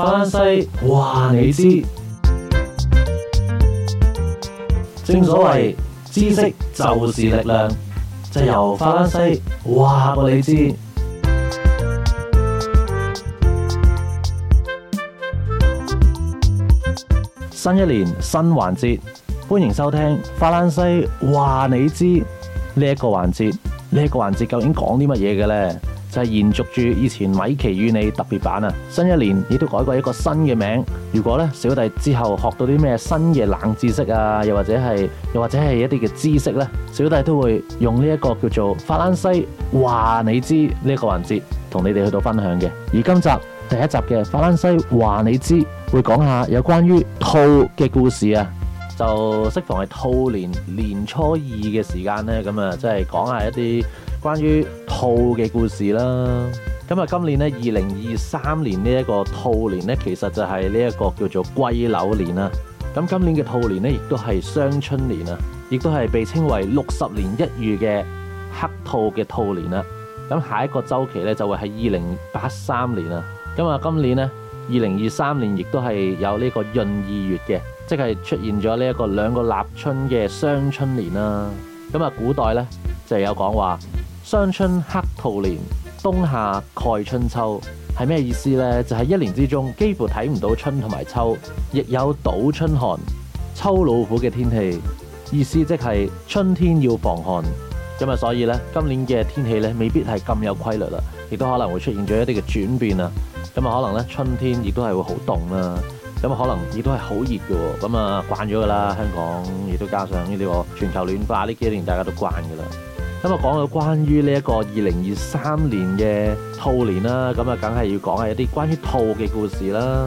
法蘭西，話你知！正所謂知識就是力量，就是由法蘭西，話你知！新一年新環節，歡迎收聽法蘭西，話你知呢個環節，呢個環節究竟講啲乜嘢嘅咧？就係延續住以前《米奇與你》特別版啊，新一年亦都改過一個新嘅名字。如果咧小弟之後學到啲咩新嘅冷知識啊，又或者係又或者係一啲嘅知識咧，小弟都會用呢一個叫做法蘭西話你知呢一個環節同你哋去到分享嘅。而今集第一集嘅法蘭西話你知會講下有關於兔嘅故事啊，就適逢係兔年年初二嘅時間咧，咁啊，即係講下一啲。關於兔嘅故事啦，咁啊今年呢，二零二三年呢一個兔年呢，其實就係呢一個叫做癸卯年啊。咁今年嘅兔年呢，亦都係雙春年啊，亦都係被稱為六十年一遇嘅黑兔嘅兔年啦。咁下一個週期呢，就會係二零八三年啊。咁啊今年呢，二零二三年亦都係有呢個閏二月嘅，即係出現咗呢一個兩個立春嘅雙春年啦。咁啊古代呢，就有講話。雙春黑兔年，冬夏蓋春秋，係咩意思呢？就係、是、一年之中幾乎睇唔到春同埋秋，亦有倒春寒、秋老虎嘅天氣。意思即係春天要防寒。咁啊，所以呢，今年嘅天氣呢，未必係咁有規律啦，亦都可能會出現咗一啲嘅轉變啦。咁啊，可能呢，春天亦都係會好凍啦。咁啊，可能亦都係好熱嘅、哦。咁啊，慣咗噶啦，香港亦都加上呢啲個全球暖化呢幾年，大家都慣噶啦。咁啊，講到關於呢一個二零二三年嘅兔年啦，咁啊，梗係要講下一啲關於兔嘅故事啦。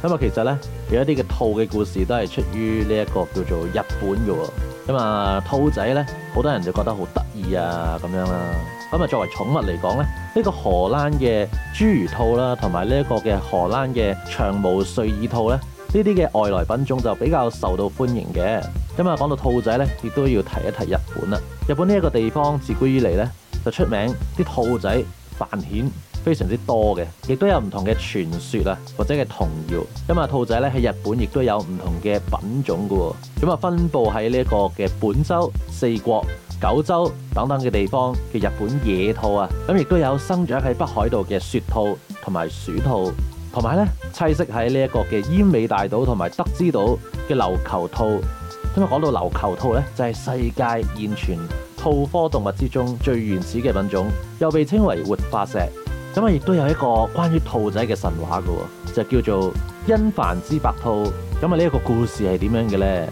咁啊，其實呢，有一啲嘅兔嘅故事都係出於呢一個叫做日本嘅咁啊。兔仔呢，好多人就覺得好得意啊，咁樣啦。咁啊，作為寵物嚟講呢，呢、這個荷蘭嘅侏儒兔啦，同埋呢一個嘅荷蘭嘅長毛垂耳兔呢。呢啲嘅外來品種就比較受到歡迎嘅。咁啊，講到兔仔呢，亦都要提一提日本啦。日本呢一個地方自古以嚟呢，就出名啲兔仔繁衍非常之多嘅，亦都有唔同嘅傳說啊或者係童謠。咁啊，兔仔呢，喺日本亦都有唔同嘅品種噶。咁啊，分佈喺呢一個嘅本州、四國、九州等等嘅地方嘅日本野兔啊，咁亦都有生長喺北海道嘅雪兔同埋鼠兔。同埋咧，棲息喺呢一個嘅奄美大島同埋德之島嘅琉球兔。咁啊，講到琉球兔咧，就係世界現存兔科動物之中最原始嘅品種，又被稱為活化石。咁啊，亦都有一個關於兔仔嘅神話噶，就叫做因凡之白兔。咁啊，呢一個故事係點樣嘅咧？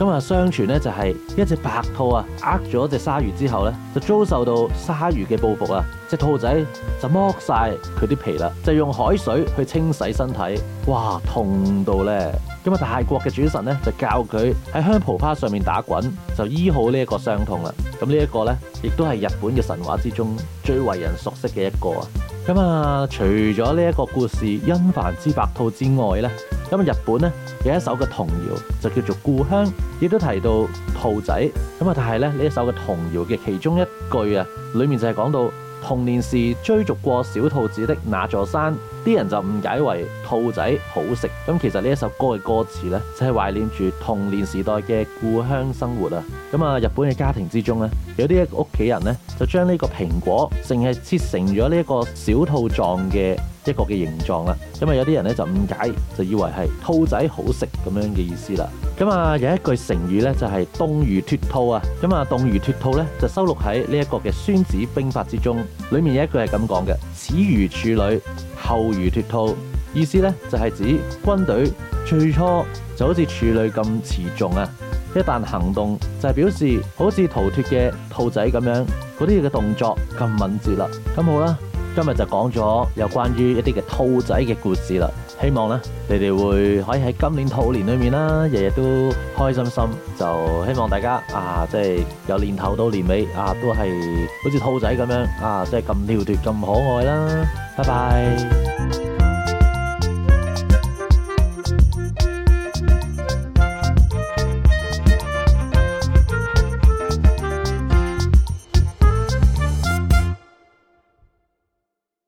咁啊，相傳咧就係一隻白兔啊，呃咗隻鯊魚之後咧，就遭受到鯊魚嘅報復啊！隻兔仔就剝晒佢啲皮啦，就用海水去清洗身體，哇，痛到咧！咁啊，大國嘅主神咧就教佢喺香蒲花上面打滾，就醫好呢一個傷痛啦。咁呢一個咧，亦都係日本嘅神話之中最為人熟悉嘅一個啊！咁啊，除咗呢一個故事《因幡之白兔》之外咧。咁日本咧有一首嘅童謠就叫做《故鄉》，亦都提到兔仔。咁啊，但係咧呢一首嘅童謠嘅其中一句啊，裏面就係講到童年時追逐過小兔子的那座山，啲人就誤解為兔仔好食。咁其實呢一首歌嘅歌詞咧，就係懷念住童年時代嘅故鄉生活啊。咁啊，日本嘅家庭之中咧，有啲屋企人咧就將呢個蘋果淨係切成咗呢一個小兔狀嘅。一個嘅形狀啦，咁啊有啲人咧就誤解，就以為係兔仔好食咁樣嘅意思啦。咁啊有一句成語咧就係動如脫兔啊，咁啊動如脫兔咧就收錄喺呢一個嘅《孫子兵法》之中，裡面有一句係咁講嘅：始如處女，後如脫兔。意思咧就係、是、指軍隊最初就好似處女咁持重啊，一旦行動就係表示好似逃脫嘅兔仔咁樣嗰啲嘢嘅動作咁敏捷啦。咁好啦。今日就講咗有關於一啲嘅兔仔嘅故事啦，希望咧你哋會可以喺今年兔年裏面啦、啊，日日都開心心，就希望大家啊，即係由年頭到年尾啊，都係好似兔仔咁樣啊，即係咁跳脱、咁可愛啦，拜拜。